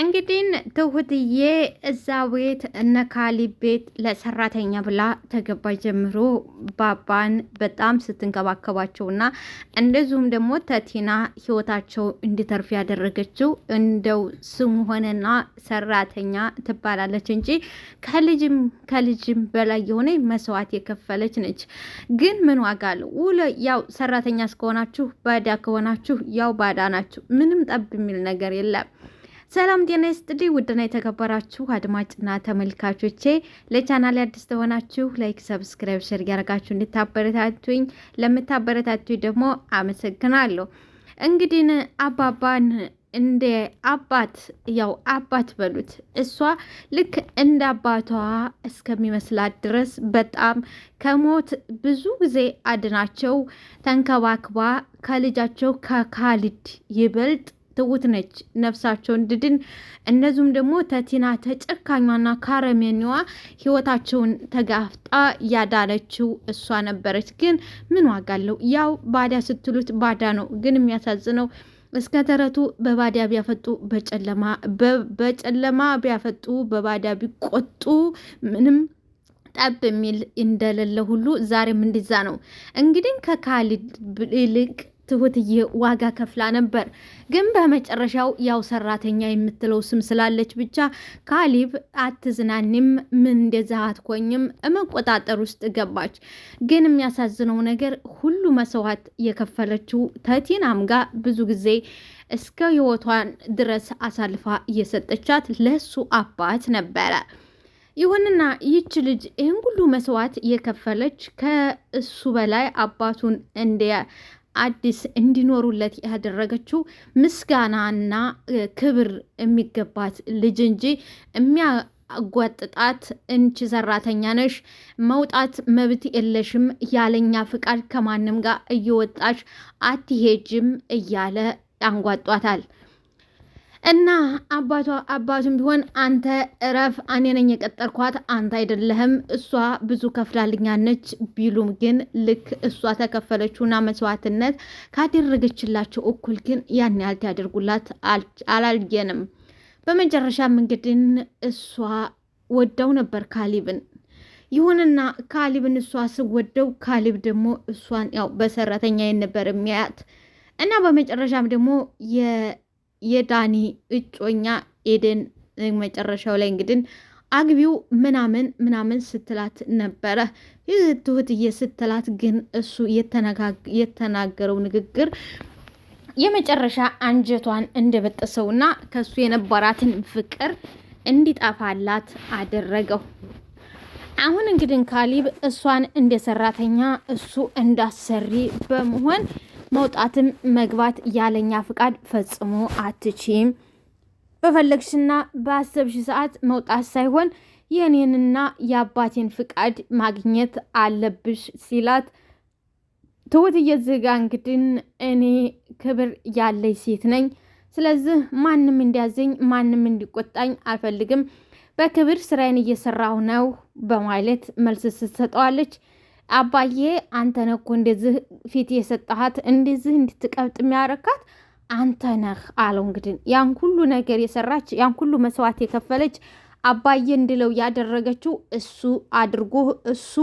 እንግዲህ ትሁትዬ እዛ ቤት እነ ቤት ለሰራተኛ ብላ ተገባ ጀምሮ ባባን በጣም ስትንከባከባቸው እና እንደዚሁም ደግሞ ተቲና ህይወታቸው እንዲተርፍ ያደረገችው እንደው ስሙ ሆነና ሰራተኛ ትባላለች እንጂ ከልጅም ከልጅም በላይ የሆነ መስዋዕት የከፈለች ነች። ግን ምን ዋጋ አለው? ውለ ያው ሰራተኛ እስከሆናችሁ ባዳ ከሆናችሁ ያው ባዳ ናችሁ። ምንም ጠብ የሚል ነገር የለም። ሰላም ጤና ይስጥልኝ። ውድና የተከበራችሁ አድማጭና ተመልካቾቼ ለቻናል አዲስ ተሆናችሁ ላይክ፣ ሰብስክራይብ፣ ሸር ያደርጋችሁ እንድታበረታቱኝ ለምታበረታቱኝ ደግሞ አመሰግናለሁ። እንግዲህ አባባን እንደ አባት ያው አባት በሉት እሷ ልክ እንደ አባቷ እስከሚመስላት ድረስ በጣም ከሞት ብዙ ጊዜ አድናቸው ተንከባክባ ከልጃቸው ከካሊድ ይበልጥ ትውት ነች ነፍሳቸው እንድድን እነዚሁም ደግሞ ተቲና ተጨካኟና ካረሜኒዋ ህይወታቸውን ተጋፍጣ ያዳለችው እሷ ነበረች። ግን ምን ዋጋ አለው? ያው ባዳ ስትሉት ባዳ ነው። ግን የሚያሳዝነው እስከ ተረቱ በባዳ ቢያፈጡ በጨለማ በጨለማ ቢያፈጡ በባዳ ቢቆጡ ምንም ጠብ የሚል እንደሌለ ሁሉ ዛሬም እንዲዛ ነው እንግዲህ ከካሊድ ይልቅ ትሁትዬ ዋጋ ከፍላ ነበር። ግን በመጨረሻው ያው ሰራተኛ የምትለው ስም ስላለች ብቻ ካሊብ አትዝናኒም፣ ምን እንደዛ አትኮኝም መቆጣጠር ውስጥ ገባች። ግን የሚያሳዝነው ነገር ሁሉ መስዋዕት የከፈለችው ተቲናም ጋር ብዙ ጊዜ እስከ ህይወቷን ድረስ አሳልፋ እየሰጠቻት ለሱ አባት ነበረ። ይሁንና ይች ልጅ ይህን ሁሉ መስዋዕት የከፈለች ከእሱ በላይ አባቱን እንደ አዲስ እንዲኖሩለት ያደረገችው ምስጋናና ክብር የሚገባት ልጅ እንጂ የሚያ አጓጥጣት እንቺ ሰራተኛ ነሽ፣ መውጣት መብት የለሽም፣ ያለኛ ፍቃድ ከማንም ጋር እየወጣሽ አትሄጅም እያለ አንጓጧታል። እና አባቷ አባቱም ቢሆን አንተ እረፍ፣ እኔ ነኝ የቀጠርኳት አንተ አይደለህም፣ እሷ ብዙ ከፍላልኛለች ቢሉም ግን ልክ እሷ ተከፈለችውና መስዋዕትነት ካደረገችላቸው እኩል ግን ያን ያልት ያደርጉላት አላልየንም። በመጨረሻም እንግዲህ እሷ ወደው ነበር ካሊብን። ይሁንና ካሊብን እሷ ስወደው ካሊብ ደግሞ እሷን ያው በሰራተኛ የነበር የሚያያት እና በመጨረሻም ደግሞ የዳኒ እጮኛ ኤደን መጨረሻው ላይ እንግዲህ አግቢው ምናምን ምናምን ስትላት ነበረ። ይህ ትሁትዬ ስትላት ግን እሱ የተናገረው ንግግር የመጨረሻ አንጀቷን እንደበጠሰውና ከሱ የነበራትን ፍቅር እንዲጠፋላት አደረገው። አሁን እንግዲህ ካሊብ እሷን እንደ ሰራተኛ እሱ እንዳሰሪ በመሆን መውጣትም መግባት ያለኛ ፍቃድ ፈጽሞ አትችም። በፈለግሽና በአሰብሽ ሰዓት መውጣት ሳይሆን የኔንና የአባቴን ፍቃድ ማግኘት አለብሽ ሲላት ትሁት እየዝጋ እንግድን እኔ ክብር ያለኝ ሴት ነኝ። ስለዚህ ማንም እንዲያዘኝ ማንም እንዲቆጣኝ አልፈልግም። በክብር ስራዬን እየሰራሁ ነው በማለት መልስ ስትሰጠዋለች። አባዬ አንተ ነህ እኮ እንደዚህ ፊት የሰጠሃት እንደዚህ እንድትቀብጥ የሚያረካት አንተ ነህ አለው። እንግዲህ ያን ሁሉ ነገር የሰራች ያን ሁሉ መስዋዕት የከፈለች አባዬ እንድለው ያደረገችው እሱ አድርጎ እሱ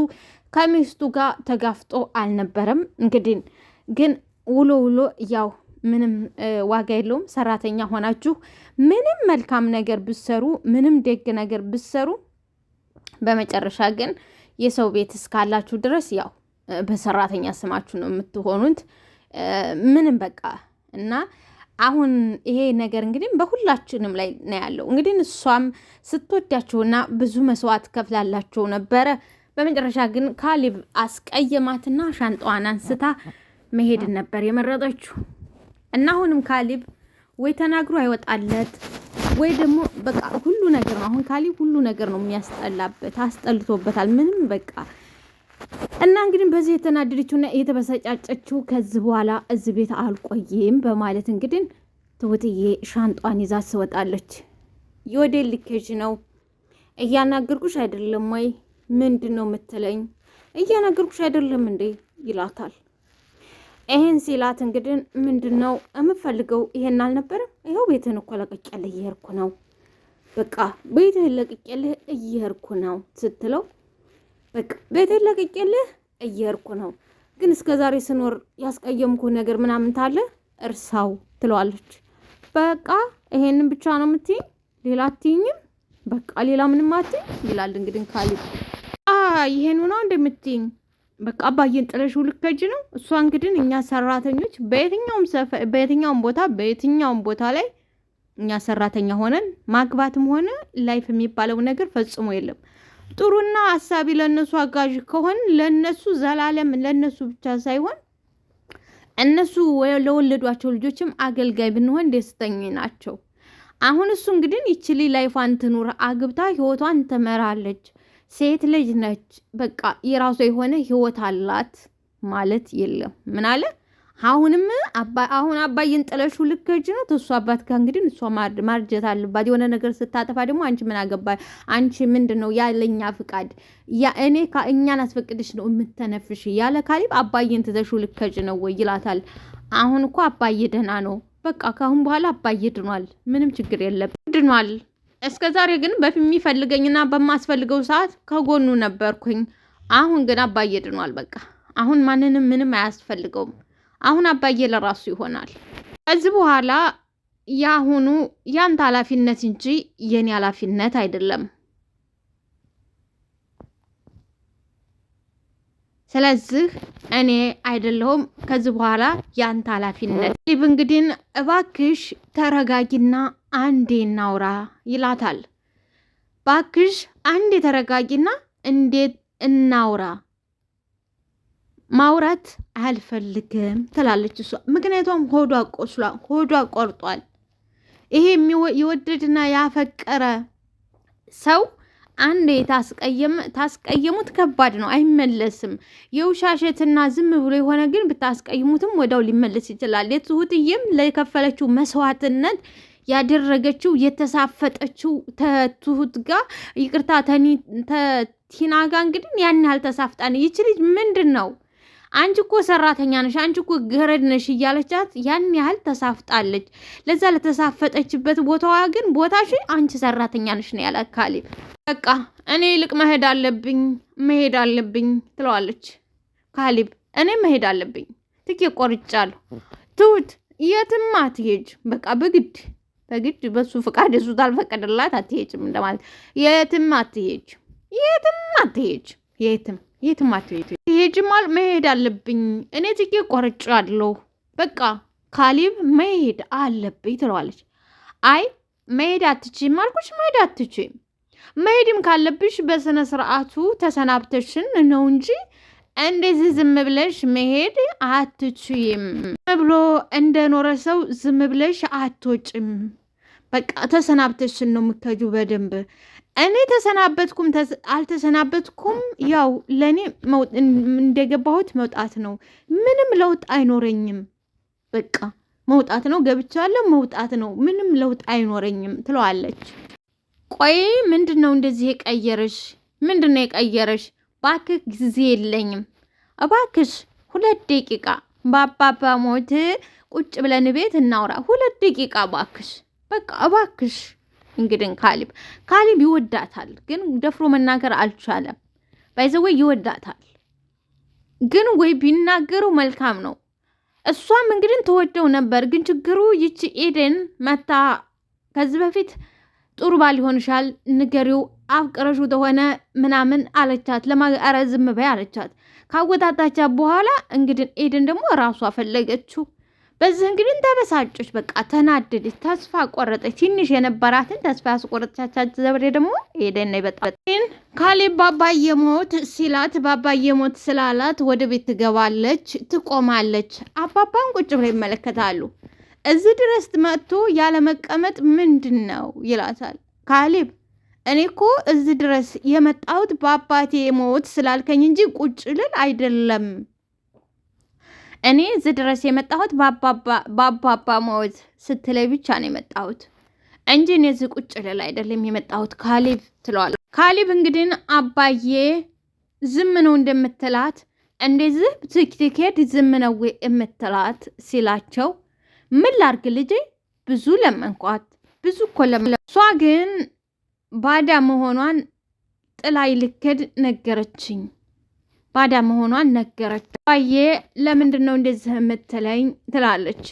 ከሚስቱ ጋር ተጋፍጦ አልነበረም። እንግዲህ ግን ውሎ ውሎ ያው ምንም ዋጋ የለውም። ሰራተኛ ሆናችሁ ምንም መልካም ነገር ብሰሩ፣ ምንም ደግ ነገር ብሰሩ በመጨረሻ ግን የሰው ቤት እስካላችሁ ድረስ ያው በሰራተኛ ስማችሁ ነው የምትሆኑት። ምንም በቃ እና አሁን ይሄ ነገር እንግዲህ በሁላችንም ላይ ነው ያለው። እንግዲህ እሷም ስትወዳቸውና ብዙ መስዋዕት ከፍላላቸው ነበረ። በመጨረሻ ግን ካሊብ አስቀየማትና ሻንጣዋን አንስታ መሄድን ነበር የመረጠችው እና አሁንም ካሊብ ወይ ተናግሮ አይወጣለት ወይ ደግሞ በቃ ሁሉ ነገር ነው። አሁን ካሊ ሁሉ ነገር ነው የሚያስጠላበት፣ አስጠልቶበታል። ምንም በቃ እና እንግዲህ በዚህ የተናደደችውና የተበሳጫጨችው ከዚህ በኋላ እዚህ ቤት አልቆይም በማለት እንግዲህ ትሁትዬ ሻንጧን ይዛ ትወጣለች። የወዴ ልኬጅ ነው እያናገርኩሽ አይደለም ወይ? ምንድን ነው የምትለኝ? እያናገርኩሽ አይደለም እንዴ? ይላታል ይሄን ሲላት እንግዲህ ምንድን ነው የምፈልገው? ይሄን አልነበረም። ይኸው ቤትህን እኮ ለቅቄልህ እየሄድኩ ነው። በቃ ቤትህን ለቅቄልህ እየሄድኩ ነው ስትለው፣ በቃ ቤትህን ለቅቄልህ እየሄድኩ ነው፣ ግን እስከ ዛሬ ስኖር ያስቀየምኩ ነገር ምናምን ታለ እርሳው ትለዋለች። በቃ ይሄንን ብቻ ነው የምትይኝ፣ ሌላ አትይኝም? በቃ ሌላ ምንም አትይኝ ይላል እንግዲህ ካሊ። ይሄን ሆና እንደምትይኝ በቃ አባዬን ጥለሽ ውልከጅ ነው። እሷ እንግዲህ እኛ ሰራተኞች በየትኛውም በየትኛውም ቦታ በየትኛውም ቦታ ላይ እኛ ሰራተኛ ሆነን ማግባትም ሆነ ላይፍ የሚባለው ነገር ፈጽሞ የለም። ጥሩና አሳቢ ለእነሱ አጋዥ ከሆን ለእነሱ ዘላለም ለእነሱ ብቻ ሳይሆን እነሱ ለወለዷቸው ልጆችም አገልጋይ ብንሆን ደስተኝ ናቸው። አሁን እሱ እንግዲህ ይችሊ ላይፏን ትኑር፣ አግብታ ህይወቷን ትመራለች። ሴት ልጅ ነች፣ በቃ የራሷ የሆነ ህይወት አላት ማለት የለም። ምን አለ አሁንም አሁን አባዬን ጥለሹ ልከጅ ነው ተሱ አባት ጋር እንግዲህ እሷ ማርጀት አለባት። የሆነ ነገር ስታጠፋ ደግሞ አንቺ ምን አገባ አንቺ ምንድን ነው ያለኛ ፍቃድ እኔ እኛን አስፈቅድሽ ነው የምተነፍሽ ያለ ካሊብ አባዬን ትዘሹ ልከጅ ነው ወይ ይላታል። አሁን እኮ አባዬ ደህና ነው፣ በቃ ከአሁን በኋላ አባዬ ድኗል፣ ምንም ችግር የለም ድኗል። እስከ ዛሬ ግን በሚፈልገኝና በማስፈልገው ሰዓት ከጎኑ ነበርኩኝ። አሁን ግን አባዬ ድኗል። በቃ አሁን ማንንም ምንም አያስፈልገውም። አሁን አባዬ ለራሱ ይሆናል። ከዚህ በኋላ የአሁኑ ያንተ ኃላፊነት እንጂ የኔ ኃላፊነት አይደለም። ስለዚህ እኔ አይደለሁም ከዚህ በኋላ ያንተ ኃላፊነት። ሊብ እንግዲህን እባክሽ ተረጋጊና አንዴ እናውራ ይላታል። ባክሽ አንዴ ተረጋጊና እንዴት እናውራ ማውራት አልፈልግም ትላለች እሷ። ምክንያቱም ሆዷ ቆስሏል፣ ሆዷ ቆርጧል። ይሄ የወደድና ያፈቀረ ሰው አንድ ታስቀየሙት ከባድ ነው፣ አይመለስም። የውሻሸትና ዝም ብሎ የሆነ ግን ብታስቀይሙትም ወዲያው ሊመለስ ይችላል። የትሁትዬም ለከፈለችው መስዋዕትነት ያደረገችው የተሳፈጠችው ተትሁት ጋር ይቅርታ ቲና ጋር እንግዲህ ያን ያህል ተሳፍጣን ይች ልጅ ምንድን ነው አንቺ እኮ ሰራተኛ ነሽ፣ አንቺ እኮ ገረድ ነሽ እያለቻት ያን ያህል ተሳፍጣለች። ለዛ ለተሳፈጠችበት ቦታዋ ግን ቦታሽ አንቺ ሰራተኛ ነሽ ነው ያላት ካሌብ። በቃ እኔ ይልቅ መሄድ አለብኝ መሄድ አለብኝ ትለዋለች። ካሊብ እኔ መሄድ አለብኝ ትኬት ቆርጫለሁ። ትሁት የትም አትሄጅ፣ በቃ በግድ በግድ በሱ ፍቃድ እሱ ታልፈቀደላት አትሄጅም እንደማለት። የትም አትሄጅ፣ የትም አትሄጅ፣ የትም የትም አትሄጅ። ትሄጅማል መሄድ አለብኝ እኔ ትኬት ቆርጫለሁ፣ በቃ ካሊብ መሄድ አለብኝ ትለዋለች። አይ መሄድ አትችም አልኩሽ መሄድ አትችም መሄድም ካለብሽ በስነ ስርዓቱ ተሰናብተሽን ነው እንጂ እንደዚህ ዝም ብለሽ መሄድ አትችይም። ዝም ብሎ እንደኖረ ሰው ዝም ብለሽ አትወጭም። በቃ ተሰናብተሽን ነው የምከጁ በደንብ እኔ ተሰናበትኩም አልተሰናበትኩም ያው ለእኔ እንደገባሁት መውጣት ነው። ምንም ለውጥ አይኖረኝም። በቃ መውጣት ነው ገብቻለሁ፣ መውጣት ነው። ምንም ለውጥ አይኖረኝም ትለዋለች። ቆይ ምንድን ነው እንደዚህ የቀየረሽ? ምንድን ነው የቀየረሽ? ባክ ጊዜ የለኝም እባክሽ፣ ሁለት ደቂቃ በአባባ ሞት ቁጭ ብለን ቤት እናውራ። ሁለት ደቂቃ እባክሽ፣ በቃ እባክሽ። እንግዲህ ካሊብ ካሊብ ይወዳታል፣ ግን ደፍሮ መናገር አልቻለም። ባይዘዌ ይወዳታል፣ ግን ወይ ቢናገረው መልካም ነው። እሷም እንግዲህ ተወደው ነበር፣ ግን ችግሩ ይቺ ኤደን መታ ከዚህ በፊት ጥሩ ባል ይሆንሻል፣ ንገሪው አፍቅረሹ ተሆነ ምናምን አለቻት። ለማረ ዝም በይ አለቻት። ካወጣጣቻት በኋላ እንግዲህ ኤድን ደግሞ ራሷ ፈለገችው። በዚህ እንግዲህ ተበሳጮች፣ በቃ ተናደደች፣ ተስፋ ቆረጠች። ትንሽ የነበራትን ተስፋ ያስቆረጠቻት ዘብሬ ደግሞ ኤደን ነው ይበጣል። ካሌብ ባባዬ ሞት ሲላት ባባዬ ሞት ስላላት ወደ ቤት ትገባለች፣ ትቆማለች። አባባን ቁጭ ብለው ይመለከታሉ። እዚህ ድረስ መጥቶ ያለመቀመጥ ምንድን ነው ይላታል ካሌብ። እኔ እኮ እዚህ ድረስ የመጣሁት በአባቴ ሞት ስላልከኝ እንጂ ቁጭ ልል አይደለም። እኔ እዚህ ድረስ የመጣሁት በአባባ ሞት ስትለይ ብቻ ነው የመጣሁት እንጂ እኔ እዚህ ቁጭ ልል አይደለም የመጣሁት ካሌብ ትለዋል። ካሌብ እንግዲህ አባዬ ዝም ነው እንደምትላት እንደዚህ ትክትኬድ ዝም ነው የምትላት ሲላቸው ምን ላርግ ልጄ? ብዙ ለመንኳት፣ ብዙ እኮ ለመ እሷ ግን ባዳ መሆኗን ጥላይ ልክድ ነገረችኝ። ባዳ መሆኗን ነገረች። ባዬ ለምንድን ነው እንደዚህ የምትለኝ? ትላለች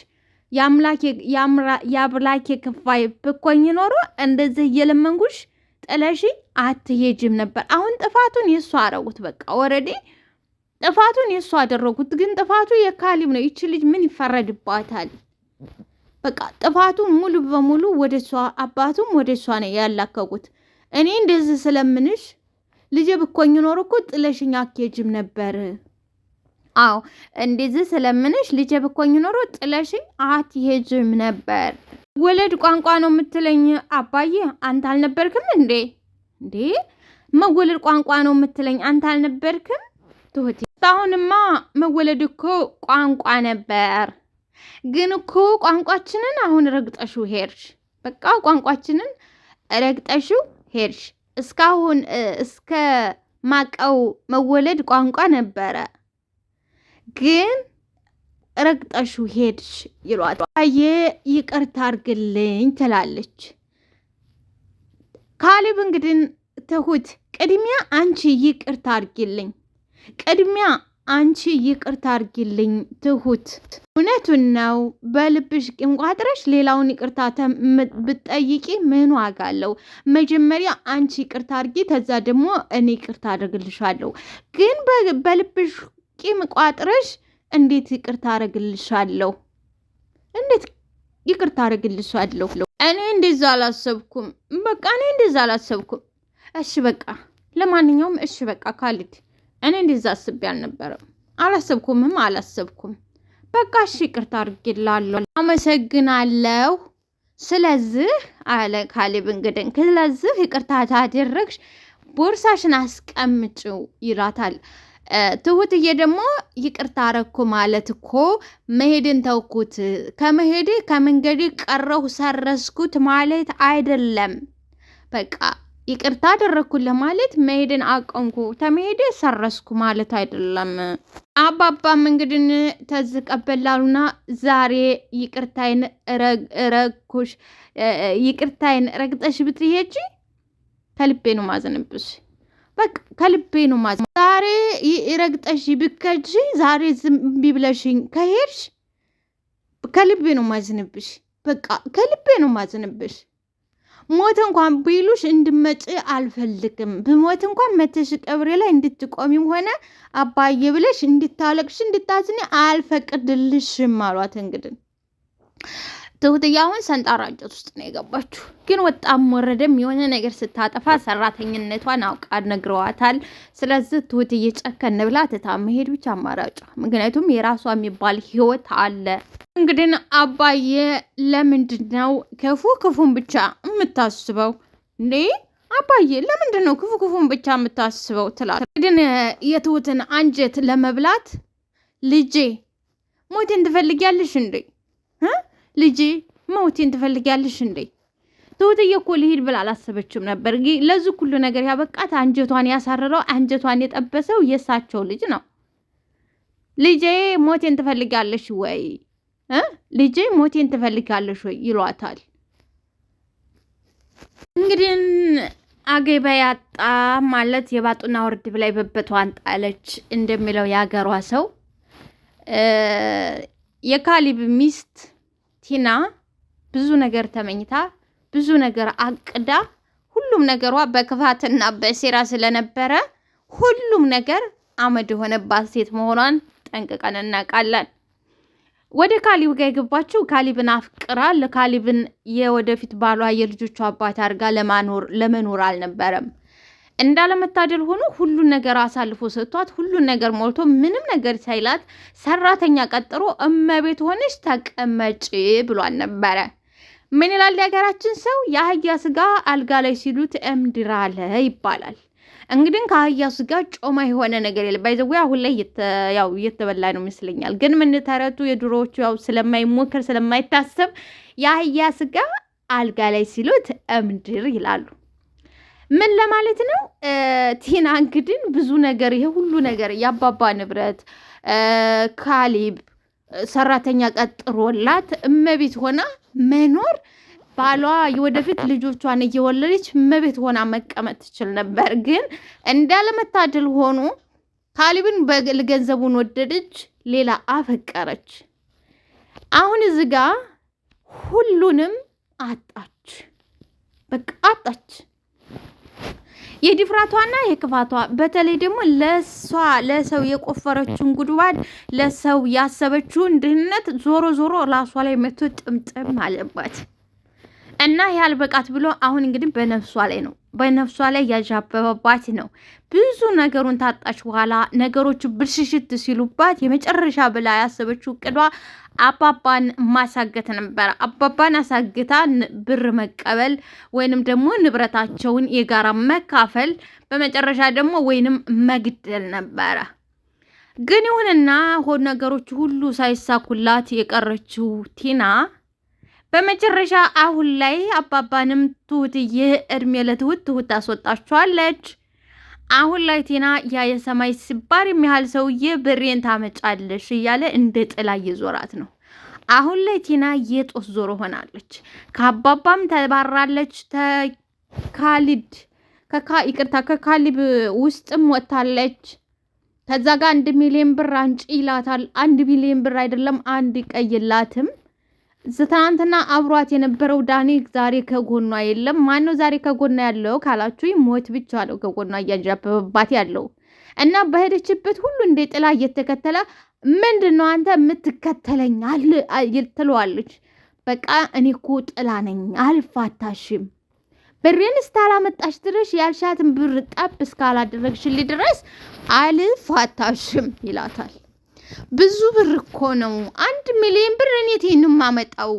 የአምላኬ ክፋይ ብኮኝ ኖሮ እንደዚህ እየለመንጉሽ ጥለሽ አትሄጅም ነበር። አሁን ጥፋቱን የእሱ አረጉት። በቃ ወረዴ ጥፋቱን የእሱ አደረጉት። ግን ጥፋቱ የካሊብ ነው። ይቺ ልጅ ምን ይፈረድባታል? በቃ ጥፋቱ ሙሉ በሙሉ ወደ እሷ አባቱም ወደ እሷ ነው ያላከቁት። እኔ እንደዚህ ስለምንሽ ልጄ ብኮኝ ኖሮ እኮ ጥለሽኝ አትሄጂም ነበር። አዎ እንደዚህ ስለምንሽ ልጄ ብኮኝ ኖሮ ጥለሽኝ አትሄጂም ነበር። ወለድ ቋንቋ ነው የምትለኝ አባዬ? አንተ አልነበርክም እንዴ? እንዴ መወለድ ቋንቋ ነው የምትለኝ አንተ አልነበርክም ትሁት? አሁንማ መወለድ እኮ ቋንቋ ነበር። ግን እኮ ቋንቋችንን አሁን ረግጠሹ ሄድሽ። በቃ ቋንቋችንን ረግጠሹ ሄድሽ። እስካሁን እስከ ማቀው መወለድ ቋንቋ ነበረ፣ ግን ረግጠሹ ሄድሽ ይሏታል። አየ ይቅርታ አርግልኝ ትላለች። ካሌብ እንግዲህ ትሁት ቅድሚያ አንቺ ይቅርታ አርግልኝ ቅድሚያ አንቺ ይቅርታ አርጊልኝ ትሁት፣ እውነቱን ነው። በልብሽ ቂም ቋጥረሽ ሌላውን ይቅርታ ብትጠይቂ ምን ዋጋ አለው? መጀመሪያ አንቺ ይቅርታ አርጊ፣ ከዛ ደግሞ እኔ ይቅርታ አድርግልሻለሁ። ግን በልብሽ ቂም ቋጥረሽ እንዴት ይቅርታ አረግልሻለሁ? እንዴት ይቅርታ አረግልሻለሁ? እኔ እንደዛ አላሰብኩም። በቃ እኔ እንደዛ አላሰብኩም። እሺ በቃ ለማንኛውም እሺ በቃ ካልድ እኔ እንደዛ አስቤ አልነበረም። አላሰብኩምም አላሰብኩም። በቃ እሺ ይቅርታ አድርጌላለሁ፣ አመሰግናለሁ። ስለዚህ አለ ካሌብ። እንግዲህ ስለዚህ ይቅርታ ታደረግሽ ቦርሳሽን አስቀምጭው ይላታል። ትሁትዬ ደግሞ ይቅርታ አረኩ ማለት እኮ መሄድን ተውኩት፣ ከመሄዴ ከመንገዴ ቀረሁ ሰረስኩት ማለት አይደለም በቃ ይቅርታ አደረግኩልህ ማለት መሄድን አቆምኩ ተመሄደ ሰረስኩ ማለት አይደለም። አባባም እንግድን ተዝ ቀበላሉና ዛሬ ይቅርታይን ረግኩሽ፣ ይቅርታይን ረግጠሽ ብትሄጂ ከልቤ ነው ማዘንብሽ። በቃ ከልቤ ነው ማዘ ዛሬ ረግጠሽ ብከጂ ዛሬ ዝም ብለሽኝ ከሄድሽ ከልቤ ነው ማዝንብሽ። በቃ ከልቤ ነው ማዝንብሽ። ሞት እንኳን ቢሉሽ እንድመጭ አልፈልግም። ብሞት እንኳን መተሽ ቀብሬ ላይ እንድትቆሚም ሆነ አባዬ ብለሽ እንድታለቅሽ እንድታዝኒ አልፈቅድልሽም አሏት እንግዲህ ትሁትዬ አሁን ሰንጣራ እንጨት ውስጥ ነው የገባችሁ። ግን ወጣም ወረደም የሆነ ነገር ስታጠፋ ሰራተኝነቷን አውቃ ነግረዋታል። ስለዚህ ትሁትዬ ጨከን ብላ ትታ መሄድ ብቻ አማራጭ፣ ምክንያቱም የራሷ የሚባል ህይወት አለ። እንግዲህ አባዬ ለምንድን ነው ክፉ ክፉን ብቻ የምታስበው እንዴ? አባዬ ለምንድን ነው ክፉ ክፉን ብቻ የምታስበው? ትላል እንግዲህ የትሁትን አንጀት ለመብላት ልጄ ሞቴን ትፈልጊያለሽ እንዴ? ልጄ መውቴን ትፈልጊያለሽ እንዴ? ትሁትዬ እኮ ልሂድ ብላ አላሰበችም ነበር። ለዚህ ሁሉ ነገር ያበቃት አንጀቷን ያሳረረው አንጀቷን የጠበሰው የእሳቸው ልጅ ነው። ልጄ ሞቴን ትፈልጊያለሽ ወይ? ልጄ ሞቴን ትፈልጊያለሽ ወይ ይሏታል። እንግዲህ አገባ ያጣ ማለት የባጡና ወርድ ብላይ በበቷን ጣለች እንደሚለው የአገሯ ሰው የካሊብ ሚስት ቲና ብዙ ነገር ተመኝታ ብዙ ነገር አቅዳ ሁሉም ነገሯ በክፋትና በሴራ ስለነበረ ሁሉም ነገር አመድ የሆነባት ሴት መሆኗን ጠንቅቀን እናውቃለን። ወደ ካሊብ ጋር የገባችው ካሊብን አፍቅራ ለካሊብን የወደፊት ባሏ የልጆቹ አባት አድርጋ ለማኖር ለመኖር አልነበረም። እንዳለመታደል ሆኖ ሁሉን ነገር አሳልፎ ሰጥቷት ሁሉን ነገር ሞልቶ ምንም ነገር ሳይላት ሰራተኛ ቀጥሮ እመቤት ሆነች ተቀመጭ ብሏል ነበረ። ምን ይላል የሀገራችን ሰው? የአህያ ስጋ አልጋ ላይ ሲሉት እምድር አለ ይባላል። እንግዲህ ከአህያ ስጋ ጮማ የሆነ ነገር የለም። ባይዘ አሁን ላይ ያው እየተበላ ነው ይመስለኛል። ግን ምን ተረቱ የድሮዎቹ ያው ስለማይሞከር ስለማይታሰብ የአህያ ስጋ አልጋ ላይ ሲሉት እምድር ይላሉ። ምን ለማለት ነው? ቲና እንግድን ብዙ ነገር ይሄ ሁሉ ነገር የአባባ ንብረት ካሊብ ሰራተኛ ቀጥሮላት እመቤት ሆና መኖር ባሏ የወደፊት ልጆቿን እየወለደች እመቤት ሆና መቀመጥ ትችል ነበር። ግን እንዳለመታደል ሆኖ ካሊብን ገንዘቡን ወደደች፣ ሌላ አፈቀረች። አሁን እዚ ጋ ሁሉንም አጣች፣ በቃ አጣች። የድፍረቷና የክፋቷ በተለይ ደግሞ ለሷ ለሰው የቆፈረችውን ጉድባድ ለሰው ያሰበችውን ድህነት ዞሮ ዞሮ ራሷ ላይ መቶ ጥምጥም አለባት እና ያህል በቃት ብሎ አሁን እንግዲህ በነፍሷ ላይ ነው በነፍሷ ላይ ያዣበበባት ነው። ብዙ ነገሩን ታጣች በኋላ ነገሮቹ ብልሽሽት ሲሉባት የመጨረሻ ብላ ያሰበችው ቅዷ አባባን ማሳገት ነበረ። አባባን አሳግታ ብር መቀበል ወይንም ደግሞ ንብረታቸውን የጋራ መካፈል፣ በመጨረሻ ደግሞ ወይንም መግደል ነበረ። ግን ይሁንና ሆድ ነገሮች ሁሉ ሳይሳኩላት የቀረችው ቲና በመጨረሻ አሁን ላይ አባባንም ትሁትዬ እድሜ ለትሁት ትሁት ታስወጣችኋለች። አሁን ላይ ቲና ያ የሰማይ ስባር የሚያህል ሰውዬ ብሬን ታመጫለሽ እያለ እንደ ጥላ እየዞራት ነው። አሁን ላይ ቲና የጦስ ዞሮ ሆናለች። ከአባባም ተባራለች። ተካሊድ ይቅርታ፣ ከካሊብ ውስጥም ወጥታለች። ከዛ ጋር አንድ ሚሊዮን ብር አንጭ ይላታል። አንድ ሚሊዮን ብር አይደለም አንድ ቀይላትም ትናንትና አብሯት የነበረው ዳኒ ዛሬ ከጎኗ የለም። ማነው ዛሬ ከጎኗ ያለው ካላችሁ፣ ሞት ብቻ ነው ከጎኗ እያንዣበበባት ያለው እና በሄደችበት ሁሉ እንደ ጥላ እየተከተለ ምንድን ነው አንተ የምትከተለኝ ትለዋለች። በቃ እኔ እኮ ጥላ ነኝ፣ አልፋታሽም። ብሬን እስካላመጣሽ ድረስ ያልሻትን ብር ጠብ እስካላደረግሽልኝ ድረስ አልፋታሽም ይላታል። ብዙ ብር እኮ ነው። አንድ ሚሊዮን ብር እኔ ትሄን ነው የማመጣው።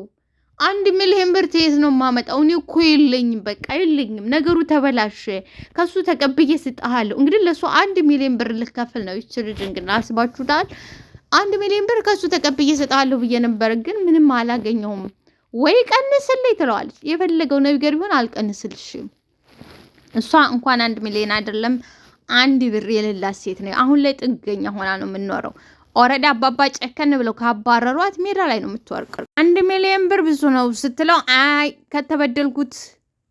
አንድ ሚሊዮን ብር ትሄት ነው የማመጣው። እኔ እኮ የለኝም፣ በቃ የለኝም። ነገሩ ተበላሸ። ከሱ ተቀብዬ ስጠሃለሁ። እንግዲህ ለእሱ አንድ ሚሊዮን ብር ልከፍል ነው። ይች ልጅ እንግዲህ አስባችሁታል። አንድ ሚሊዮን ብር ከሱ ተቀብዬ ስጠሃለሁ ብዬ ነበር፣ ግን ምንም አላገኘውም። ወይ ቀንስልኝ ትለዋለች። የፈለገው ነገር ቢሆን አልቀንስልሽም። እሷ እንኳን አንድ ሚሊዮን አይደለም አንድ ብር የሌላት ሴት ነው። አሁን ላይ ጥገኛ ሆና ነው የምንኖረው። ኦረዳ አባባ ጨከን ብለው ካባረሯት ሜዳ ላይ ነው የምትወርቅ። አንድ ሚሊዮን ብር ብዙ ነው ስትለው አይ ከተበደልኩት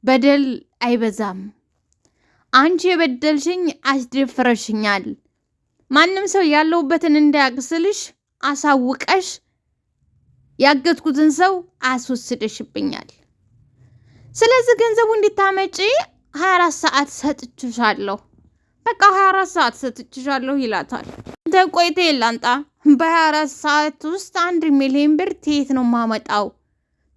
በደል አይበዛም፣ አንቺ የበደልሽኝ አስደፍረሽኛል፣ ማንም ሰው ያለሁበትን እንዳያቅስልሽ አሳውቀሽ ያገትኩትን ሰው አስወስደሽብኛል። ስለዚህ ገንዘቡ እንዲታመጪ 24 ሰዓት ሰጥችሻለሁ በቃ 24 ሰዓት ሰጥቼሻለሁ ይላታል። እንተ ቆይቴ ላንጣ በ24 ሰዓት ውስጥ አንድ ሚሊዮን ብር ትየት ነው ማመጣው?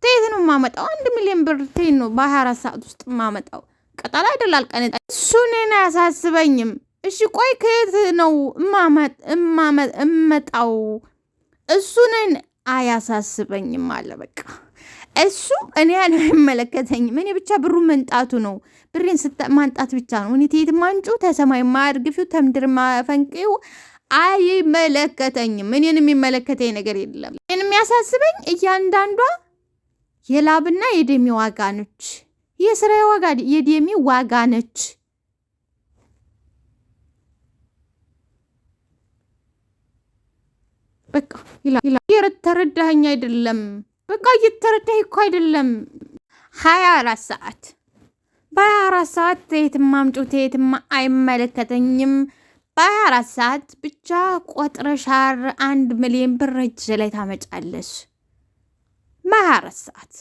ትየት ነው ማመጣው? አንድ ሚሊዮን ብር ትየት ነው በ24 ሰዓት ውስጥ ማመጣው? ቀጠላ አይደላል ቀን እሱን አያሳስበኝም። እሺ ቆይ ከየት ነው እማመጣው? እሱንን አያሳስበኝም አለ። በቃ እሱ እኔ አይመለከተኝም። እኔ ብቻ ብሩ መንጣቱ ነው ብሬን ማንጣት ብቻ ነው። እኔቴት ማንጩ ተሰማይ ማርግፊው ተምድር ማፈንቅው አይመለከተኝም። እኔን የሚመለከተኝ ነገር የለም። እኔን የሚያሳስበኝ እያንዳንዷ የላብና የደሜ ዋጋ ነች። የስራ ዋጋ የደሜ ዋጋ ነች። በቃ አይደለም? በቃ እየተረዳህ እኮ አይደለም። ሀያ አራት ሰዓት በሀያ አራት ሰዓት የትም አምጩት የትም አይመለከተኝም። በሀያ አራት ሰዓት ብቻ ቆጥረሻር አንድ ሚሊዮን ብር እጅ ላይ ታመጫለሽ። በሀያ አራት ሰዓት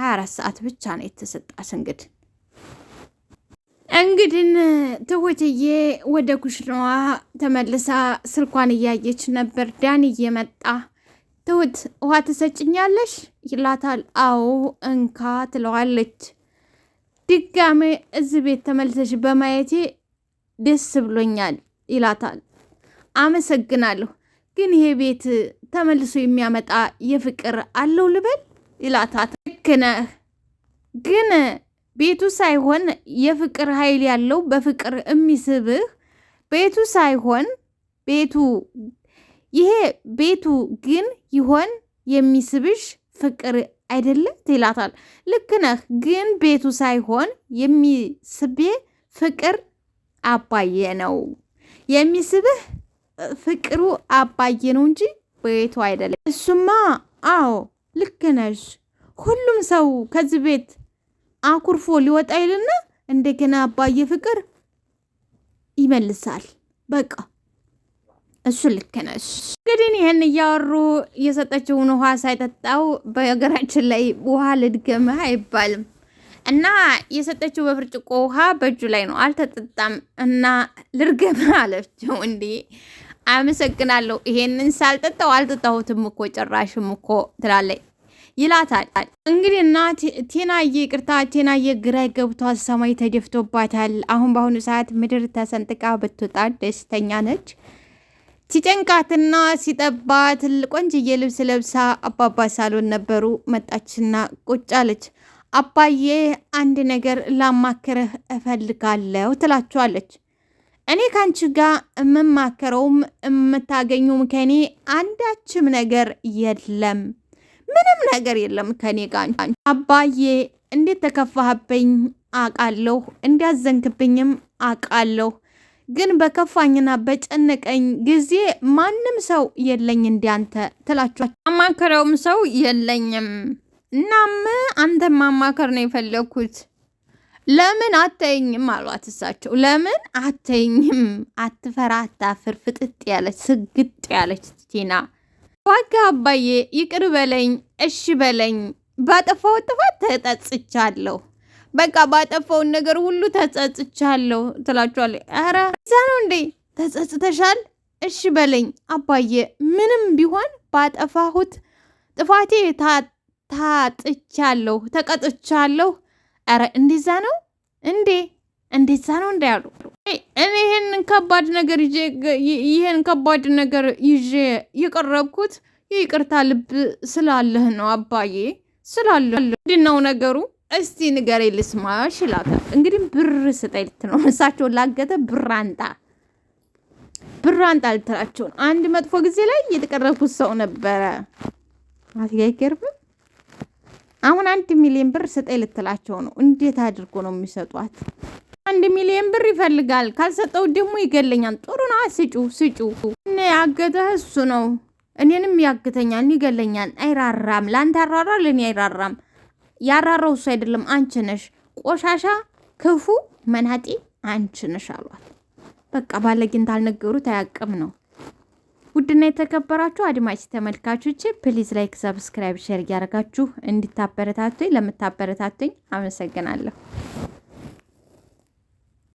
ሀያ አራት ሰዓት ብቻ ነው የተሰጣት። እንግዲህ እንግዲህ ትሁትዬ ወደ ኩሽናዋ ተመልሳ ስልኳን እያየች ነበር። ዳን እየመጣ ትሁት ውሃ ትሰጭኛለሽ ይላታል። አዎ እንካ ትለዋለች። ድጋሜ እዚህ ቤት ተመልሰሽ በማየቴ ደስ ብሎኛል ይላታል። አመሰግናለሁ፣ ግን ይሄ ቤት ተመልሶ የሚያመጣ የፍቅር አለው ልበል ይላታት። ልክ ነህ፣ ግን ቤቱ ሳይሆን የፍቅር ኃይል ያለው በፍቅር የሚስብህ ቤቱ ሳይሆን ቤቱ ይሄ ቤቱ ግን ይሆን የሚስብሽ ፍቅር አይደለ ይላታል። ልክ ነህ፣ ግን ቤቱ ሳይሆን የሚስቤ ፍቅር አባዬ ነው የሚስብህ ፍቅሩ አባዬ ነው እንጂ ቤቱ አይደለም። እሱማ አዎ ልክ ነሽ። ሁሉም ሰው ከዚህ ቤት አኩርፎ ሊወጣ ይልና እንደገና አባዬ ፍቅር ይመልሳል። በቃ እሱ ልክ ነሽ። እንግዲህ ይህን እያወሩ እየሰጠችውን ውሃ ሳይጠጣው በሀገራችን ላይ ውሃ ልድገምህ አይባልም እና የሰጠችው በብርጭቆ ውሃ በእጁ ላይ ነው፣ አልተጠጣም እና ልድገምህ አለችው። እንዲ አመሰግናለሁ፣ ይሄንን ሳልጠጣው አልጠጣሁትም እኮ ጭራሽም እኮ ትላለች ይላታል። እንግዲህ እና ቴናዬ ቅርታ ቴናዬ ግራ ገብቷል። ሰማይ ተደፍቶባታል። አሁን በአሁኑ ሰዓት ምድር ተሰንጥቃ ብትወጣ ደስተኛ ነች። ሲጨንቃትና ትልቅ ቆንጅዬ ልብስ ለብሳ አባባ ሳሎን ነበሩ። መጣችና ቁጭ አለች። አባዬ አንድ ነገር ላማክርህ እፈልጋለሁ ትላችኋለች። እኔ ከአንቺ ጋር የምማከረውም የምታገኙም ከኔ አንዳችም ነገር የለም፣ ምንም ነገር የለም ከኔ ጋር። አባዬ እንዴት ተከፋህብኝ አቃለሁ፣ እንዳዘንክብኝም አቃለሁ ግን በከፋኝና በጨነቀኝ ጊዜ ማንም ሰው የለኝ እንዲያንተ ትላችኋል። አማከረውም ሰው የለኝም። እናም አንተ ማማከር ነው የፈለግኩት። ለምን አተይኝም አሏት። እሳቸው ለምን አተይኝም? አትፈራ አታፍር፣ ፍጥጥ ያለች ስግጥ ያለች ቲና፣ ዋጋ አባዬ ይቅር በለኝ፣ እሺ በለኝ፣ ባጠፋው ጥፋት ተጠጽቻለሁ በቃ ባጠፋውን ነገር ሁሉ ተጸጽቻለሁ ትላችኋለች። ኧረ እዛ ነው እንዴ ተጸጽተሻል? እሺ በለኝ አባዬ፣ ምንም ቢሆን ባጠፋሁት ጥፋቴ ታጥቻለሁ፣ ተቀጥቻለሁ። ኧረ እንደዛ ነው እንዴ እንደዛ ነው እንዳያሉ እኔ ይሄንን ከባድ ነገር ይሄን ከባድ ነገር ይዤ የቀረብኩት የይቅርታ ልብ ስላለህ ነው አባዬ፣ ስላለህ ምንድን ነው ነገሩ? እስቲ ንገረኝ ልስማሽ ሽላታ እንግዲህ ብር ስጠኝ ነው እሳቸውን ላገተ ብር አንጣ ብር አንጣ ልትላቸው ነው። አንድ መጥፎ ጊዜ ላይ የተቀረብኩት ሰው ነበረ። አይገርምም? አሁን አንድ ሚሊዮን ብር ስጠኝ ልትላቸው ነው። እንዴት አድርጎ ነው የሚሰጧት? አንድ ሚሊዮን ብር ይፈልጋል። ካልሰጠው ደግሞ ይገለኛል። ጥሩ ነው። ስጩ ስጩ። እኔ ያገተ እሱ ነው። እኔንም ያግተኛል፣ ይገለኛል። አይራራም። ለአንተ አራራ፣ ለእኔ አይራራም። ያራራው እሱ አይደለም አንቺ ነሽ፣ ቆሻሻ ክፉ መናጤ አንቺ ነሽ አሏት። በቃ ባለጊንት አልነገሩት አያቅም ነው። ውድና የተከበራችሁ አድማጭ ተመልካቾች ፕሊዝ ላይክ፣ ሰብስክራይብ፣ ሼር እያደረጋችሁ እንድታበረታቱኝ ለምታበረታቱኝ አመሰግናለሁ።